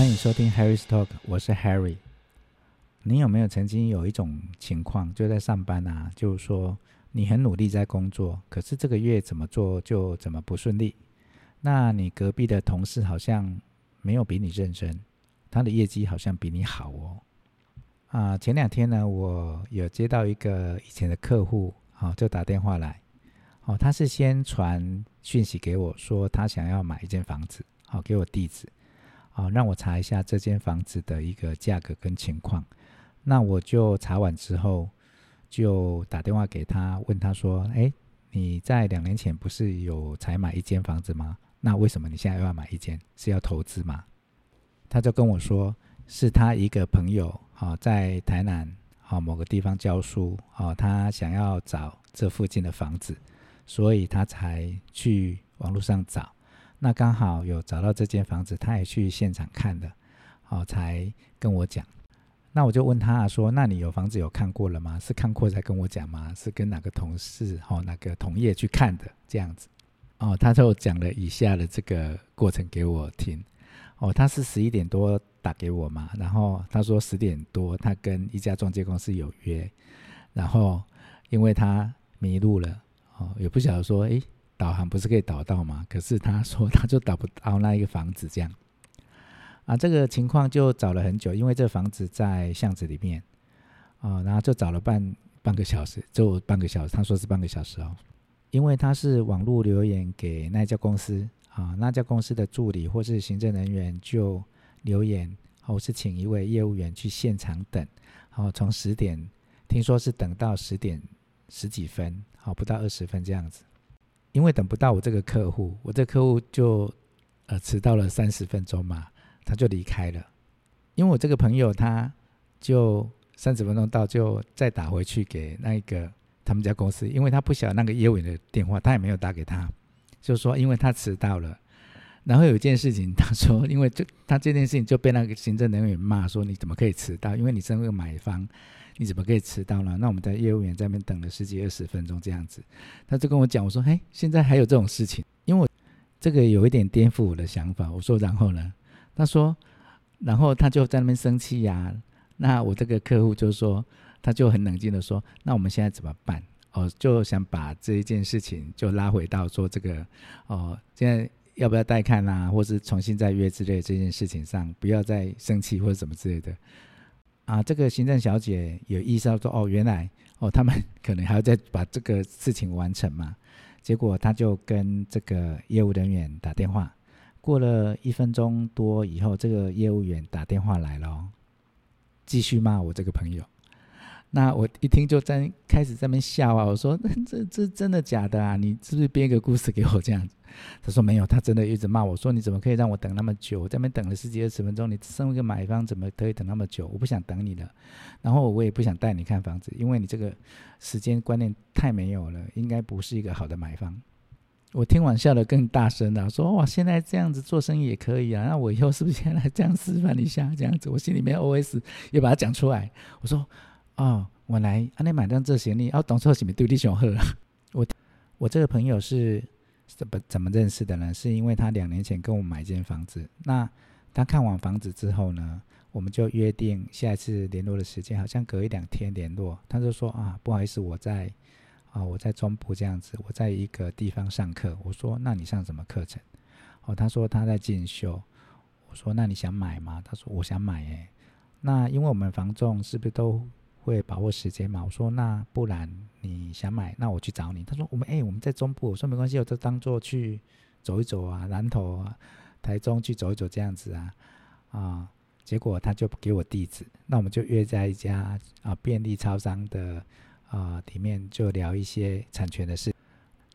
歡迎收聽 Harry's Talk，我是 Harry。你有沒有曾經有一種情況，就在上班啊，就是說你很努力在工作，可是這個月怎麼做就怎麼不順利？那你隔壁的同事好像沒有比你認真，他的業績好像比你好哦。啊，前兩天呢，我有接到一個以前的客戶，啊，就打電話來，哦，他是先傳訊息給我，說他想要買一間房子，好給我地址。啊、哦，讓我查一下這間房子的一個價格跟情況。那我就查完之後，就打電話給他，問他說：“哎，你在兩年前不是有才買一間房子嗎？那為什麼你現在又要買一間？是要投資嗎？”他就跟我說：“是他一個朋友啊、哦，在台南啊、哦、某個地方教書啊、哦，他想要找這附近的房子，所以他才去網絡上找。”那剛好有找到這間房子，他也去現場看的。哦，才跟我講。那我就問他說：“那你有房子有看過了嗎？是看過才跟我講嗎？是跟哪個同事？哦，哪個同業去看的這樣子？”哦，他就講了以下的這個過程給我聽。哦，他是十一點多打給我嘛，然後他說十點多他跟一家仲介公司有約，然後因為他迷路了，哦，也不曉得說，誒。導航不是可以導到嗎？可是他說他就導不到那一個房子這樣啊。這個情況就找了很久，因為這房子在巷子裡面啊，嗯，然後就找了半半個小時，就半個小時，他說是半個小時哦。因為他是網絡留言給那一家公司啊，那家公司的助理或是行政人員就留言，或、哦、是請一位業務員去現場等。然後從十點聽說是等到十點十幾分，好、哦、不到二十分這樣子。因為等不到我這個客戶，我這個客戶就呃遲到了三十分鐘嘛，他就離開了。因為我這個朋友他就三十分鐘到，就再打回去給那個他們家公司，因為他不曉得那個業務員的電話，他也沒有打給他，就說因為他遲到了。然後有一件事情他說，因為這他這件事情就被那個行政人員罵說，你怎麼可以遲到？因為你身為買方。你怎麼可以遲到呢？那我們在業務員在那邊等了十幾二十分鐘這樣子，他就跟我講，我說：“嘿、哎，現在還有這種事情，因為我這個有一點顛覆我的想法。”我說：“然後呢？”他說：“然後他就在那邊生氣呀、啊。”那我這個客戶就說，他就很冷靜地說：“那我們現在怎麼辦？哦，就想把這一件事情就拉回到說這個哦，現在要不要帶看啊，或是重新再約之類的這件事情上，不要再生氣或者什麼之類的。”啊，這個行政小姐有意識到說，說，哦，原來，哦，他們可能還要再把這個事情完成嘛。結果他就跟這個業務人員打電話，過了一分鐘多以後，這個業務員打電話來了，繼續罵我這個朋友。那我一聽就在開始在那邊笑啊，我說：那這這真的假的啊？你是不是編一個故事給我這樣子？他說沒有，他真的一直罵我，我說：你怎麼可以讓我等那麼久？我在那邊等了十幾二十分鐘，你身為一個買方怎麼可以等那麼久？我不想等你了，然後我也不想帶你看房子，因為你這個時間觀念太沒有了，應該不是一個好的買方。我聽完笑得更大聲了，我說：哇，現在這樣子做生意也可以啊！那我以後是不是先來這樣示範一下？這樣子，我心裡面 O S 又把它講出來，我說。哦，我來，那、啊、你買張這些你，哦、啊，我當初是咪獨立想喝？我我這個朋友是怎麼怎麼認識的呢？是因為他兩年前跟我買一間房子，那他看完房子之後呢，我們就約定下一次聯絡的時間，好像隔一兩天聯絡。他就說啊，不好意思，我在啊我在中部這樣子，我在一個地方上課。我說那你上什麼課程？哦，他說他在進修。我說那你想買嗎？他說我想買耶。那因為我們房仲是不是都？會把握時間嘛？我說那不然你想買，那我去找你。他說我們哎、欸、我們在中部，我說沒關係，我就當做去走一走啊，南投、啊、台中去走一走這樣子啊啊、呃。結果他就給我地址，那我們就約在一家啊、呃、便利超商的啊、呃、裡面就聊一些產權的事。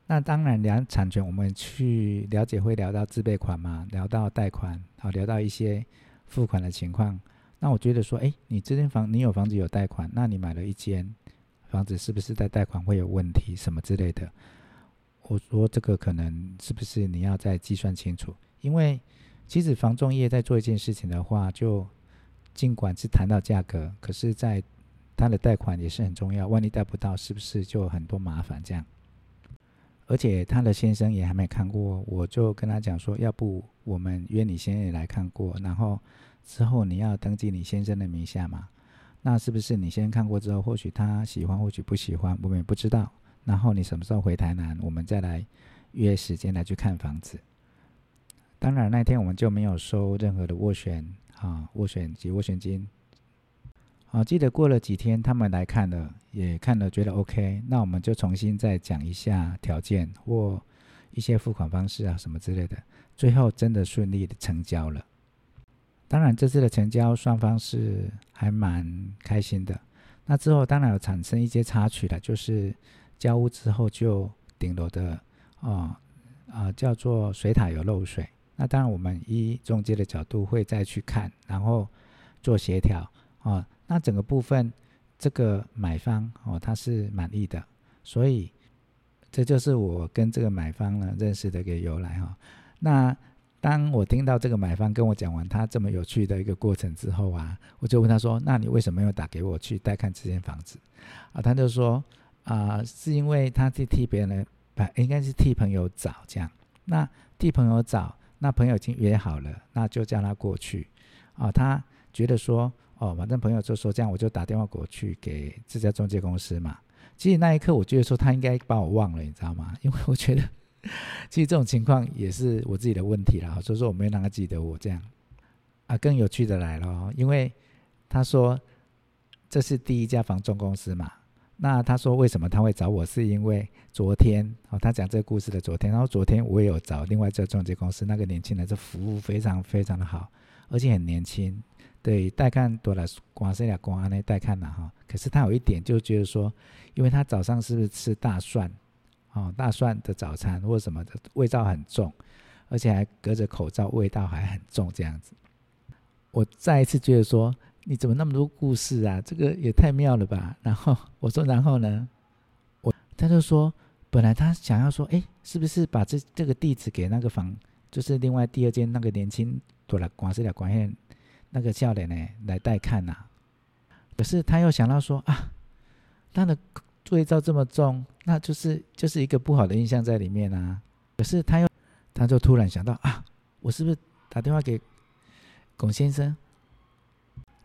那當然聊產權，我們去了解會聊到自備款嘛，聊到貸款啊、呃，聊到一些付款的情況。那我覺得說，哎，你這間房，你有房子有貸款，那你買了一間房子，是不是在貸款會有問題什麼之類的？我說這個可能是不是你要再計算清楚，因為其實房仲業在做一件事情的話，就儘管是談到價格，可是在他的貸款也是很重要，萬一貸不到，是不是就很多麻煩這樣？而且他的先生也還沒看過，我就跟他講說，要不我們約你先生也來看過，然後。之後你要登記你先生的名下嘛？那是不是你先看過之後，或許他喜歡，或許不喜歡，我們也不知道。然後你什麼時候回台南，我們再來約時間來去看房子。當然那天我們就沒有收任何的斡旋啊、斡旋及斡旋金。好，記得過了幾天他們來看了，也看了覺得 OK，那我們就重新再講一下條件或一些付款方式啊什麼之類的。最後真的順利的成交了。當然，這次的成交雙方是還蠻開心的。那之後當然有產生一些插曲了，就是交屋之後就頂樓的啊、哦、啊叫做水塔有漏水。那當然我們以中介的角度會再去看，然後做協調啊、哦。那整個部分這個買方哦，他是滿意的，所以這就是我跟這個買方呢認識的一個由來哈、哦。那。當我聽到這個買方跟我講完他這麼有趣的一個過程之後啊，我就問他說：“那你為什麼要打給我去帶看這間房子？”啊，他就說：“啊、呃，是因為他去替別人、哎，應該是替朋友找這樣。那替朋友找，那朋友已經約好了，那就叫他過去。啊，他覺得說，哦，反正朋友就說這樣，我就打電話過去給這家中介公司嘛。其實那一刻，我覺得說他應該把我忘了，你知道嗎？因為我覺得。”其實這種情況也是我自己的問題啦，所以說我沒有讓他記得我這樣啊。更有趣的來了，因為他說這是第一家房仲公司嘛，那他說為什麼他會找我，是因為昨天哦，他講這個故事的昨天，然後昨天我也有找另外一個中介公司，那個年輕人這服務非常非常的好，而且很年輕，對帶看多了，光是公光那帶看的哈，可是他有一點就覺得說，因為他早上是不是吃大蒜。哦，大蒜的早餐或什麼的味道很重，而且還隔着口罩，味道還很重，這樣子。我再一次覺得說，你怎麼那麼多故事啊？這個也太妙了吧！然後我說，然後呢？我他就說，本來他想要說，哎、欸，是不是把這這個地址給那個房，就是另外第二間那個年輕躲來光是了光線那個笑臉呢來帶看吶、啊？可是他又想到說啊，他的。作業照這麼重，那就是就是一個不好的印象在裡面啊。可是他又，他就突然想到啊，我是不是打電話給龔先生？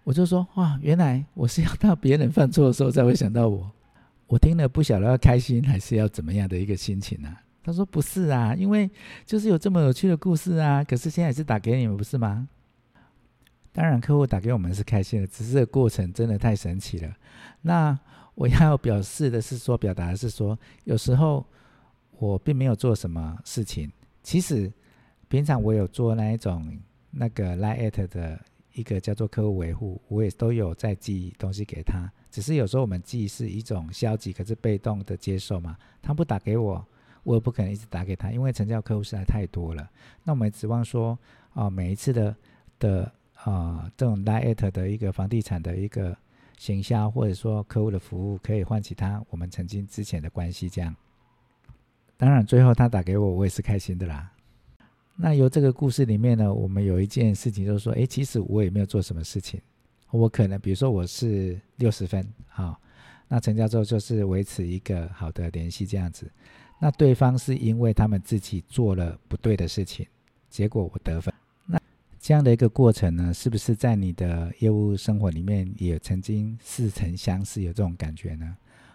我就說哇，原來我是要到別人犯錯的時候才會想到我。我聽了不曉得要開心還是要怎麼樣的一個心情呢、啊？他說不是啊，因為就是有這麼有趣的故事啊。可是現在是打給你們不是嗎？當然客戶打給我們是開心的，只是這個過程真的太神奇了。那。我要表示的是說，表達的是說，有時候我並沒有做什麼事情。其實平常我有做那一種那個 Line@ 的一個叫做客戶維護，我也都有在寄東西給他。只是有時候我們寄是一種消極，可是被動的接受嘛。他不打給我，我也不可能一直打給他，因為成交客戶實在太多了。那我們指望說，啊、哦，每一次的的啊、呃、這種 Line@ 的一個房地產的一個。行銷或者說客戶的服務，可以喚起他我們曾經之前的關係這樣，當然最後他打給我，我也是開心的啦。那由這個故事裡面呢，我們有一件事情就是說，誒，其實我也沒有做什麼事情，我可能比如說我是六十分啊、哦，那成交之後就是維持一個好的聯繫這樣子。那對方是因為他們自己做了不對的事情，結果我得分。這樣的一個過程呢，是不是在你的業務生活裡面也曾經似曾相識，有這種感覺呢？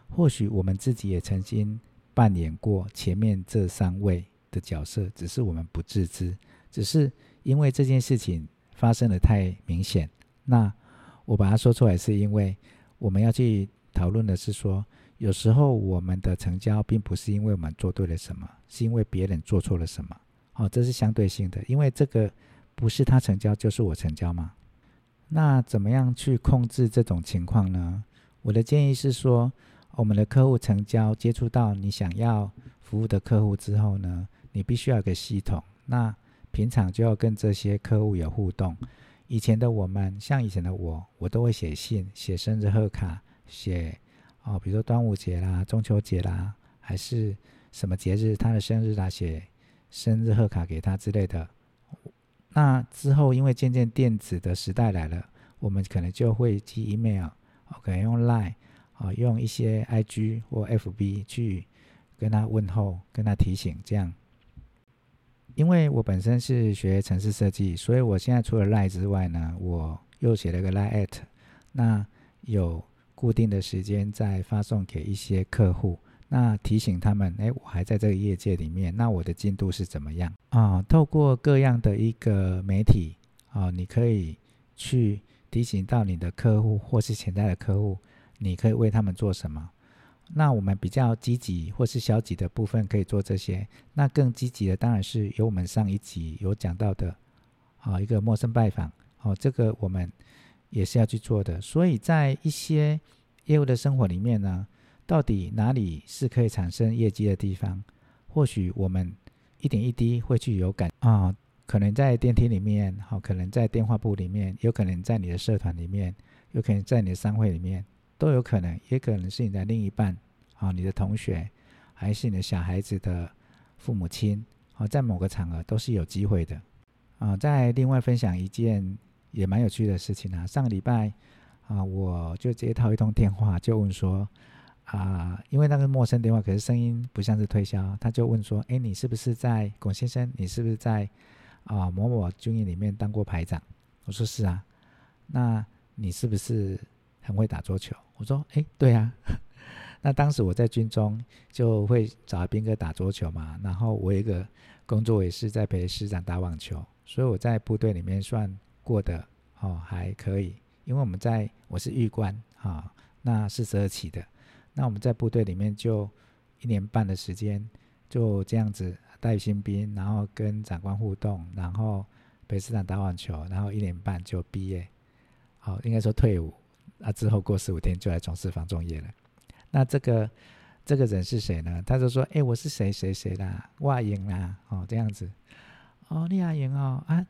或許我們自己也曾經扮演過前面這三位的角色，只是我們不自知。只是因為這件事情發生的太明顯，那我把它說出來，是因為我們要去討論的是說，有時候我們的成交並不是因為我們做對了什麼，是因為別人做錯了什麼。好、哦，這是相對性的，因為這個。不是他成交就是我成交嘛。那怎麼樣去控制這種情況呢？我的建議是說，我們的客戶成交接觸到你想要服務的客戶之後呢，你必須要有個系統。那平常就要跟這些客戶有互動。以前的我們，像以前的我，我都會寫信、寫生日賀卡、寫哦，比如說端午節啦、中秋節啦，還是什麼節日，他的生日啦，寫生日賀卡給他之類的。那之後，因為漸漸電子的時代來了，我們可能就會寄 email，可能用 line 啊，用一些 IG 或 FB 去跟他問候、跟他提醒，這樣。因為我本身是學程式設計，所以我現在除了 line 之外呢，我又寫了個 line at，那有固定的時間再發送給一些客戶。那提醒他們，哎，我還在這個業界裡面，那我的進度是怎麼樣啊？透過各樣的一個媒體啊，你可以去提醒到你的客戶或是潛在的客戶，你可以為他們做什麼？那我們比較積極或是消極的部分可以做這些。那更積極的當然是由我們上一集有講到的啊，一個陌生拜訪哦，啊，這個我們也是要去做的。所以在一些業務的生活裡面呢，到底哪裡是可以產生業績的地方？或許我們一點一滴會去有感啊，可能在電梯裡面，好、啊，可能在電話簿裡面，有可能在你的社團裡面，有可能在你的商會裡面，都有可能，也可能是你的另一半啊，你的同學，還是你的小孩子的父母親，啊，在某個場合都是有機會的啊。再另外分享一件也蠻有趣的事情啊，上個禮拜啊，我就接到一通電話，就問說。啊、呃，因為那個陌生電話，可是聲音不像是推銷，他就問說：“哎，你是不是在龔先生？你是不是在啊、呃、某某軍營裡面當過排長？”我說：“是啊。”那你是不是很會打桌球？我說：“哎，對啊。 ”那當時我在軍中就會找兵哥打桌球嘛，然後我有一個工作也是在陪師長打網球，所以我在部隊裡面算過的哦，還可以，因為我們在我是預官啊、哦，那四十二期的。那我們在部隊裡面就一年半的時間，就這樣子帶新兵，然後跟長官互動，然後陪師長打網球，然後一年半就畢業，好、哦，應該說退伍。啊，之後過十五天就來從事房仲業了。那這個這個人是誰呢？他就說：“哎，我是誰誰誰啦，外甥啦，哦，這樣子，哦，厲亞贏哦，啊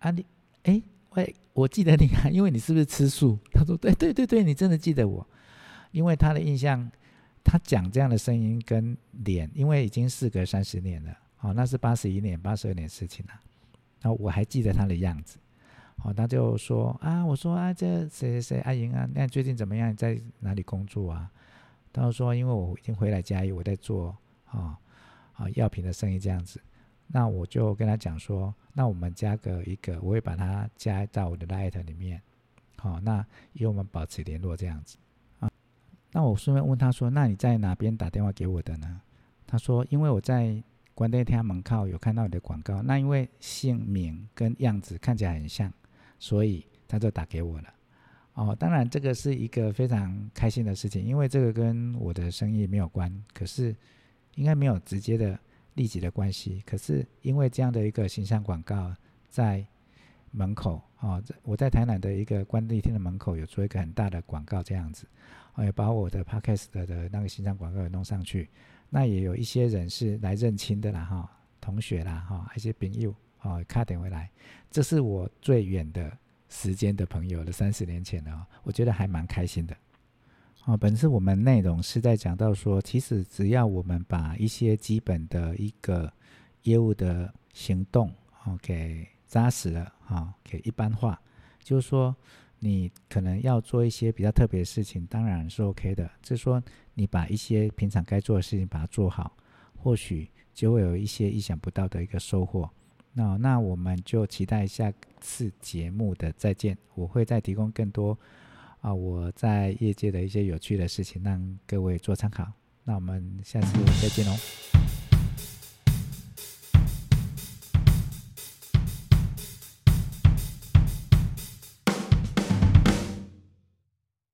啊，你，哎，喂，我記得你啊，因為你是不是吃素？”他說：“對對對對，你真的記得我。”.因為他的印象，他講這樣的聲音跟臉，因為已經事隔三十年了，哦，那是八十一年、八十二年的事情了，啊。那我還記得他的樣子，哦，他就說啊，我說啊，這誰誰誰阿瑩啊，啊，那最近怎麼樣？在哪裡工作啊？他就說，因為我已經回來家裡，我在做啊啊、哦、藥品的生意這樣子。那我就跟他講說，那我們加個一個，我會把它加到我的 LINE 裡面，好，哦，那以後我們保持聯絡這樣子。那我順便問他說：“那你在哪邊打電話給我的呢？”他說：“因為我在關帝廳門口有看到你的廣告，那因為姓名跟樣子看起來很像，所以他就打給我了。”哦，當然這個是一個非常開心的事情，因為這個跟我的生意沒有關，可是應該沒有直接的立即的關係。可是因為這樣的一個形象廣告在門口啊、哦，我在台南的一個關帝廳的門口有做一個很大的廣告，這樣子。我把我的 Podcast 的那個形象廣告也弄上去，那也有一些人是來認親的啦哈，同學啦哈、啊，一些朋友哦，卡點回來，這是我最遠的時間的朋友了，三十年前了，我覺得還蠻開心的。啊，本次我們內容是在講到說，其實只要我們把一些基本的一個業務的行動哦給扎實了啊，給一般化，就是說。你可能要做一些比較特別的事情，當然是 OK 的。就是說，你把一些平常該做的事情把它做好，或許就會有一些意想不到的一個收穫。那那我們就期待下次節目的再見。我會再提供更多啊、呃、我在業界的一些有趣的事情，讓各位做參考。那我們下次再見嘍。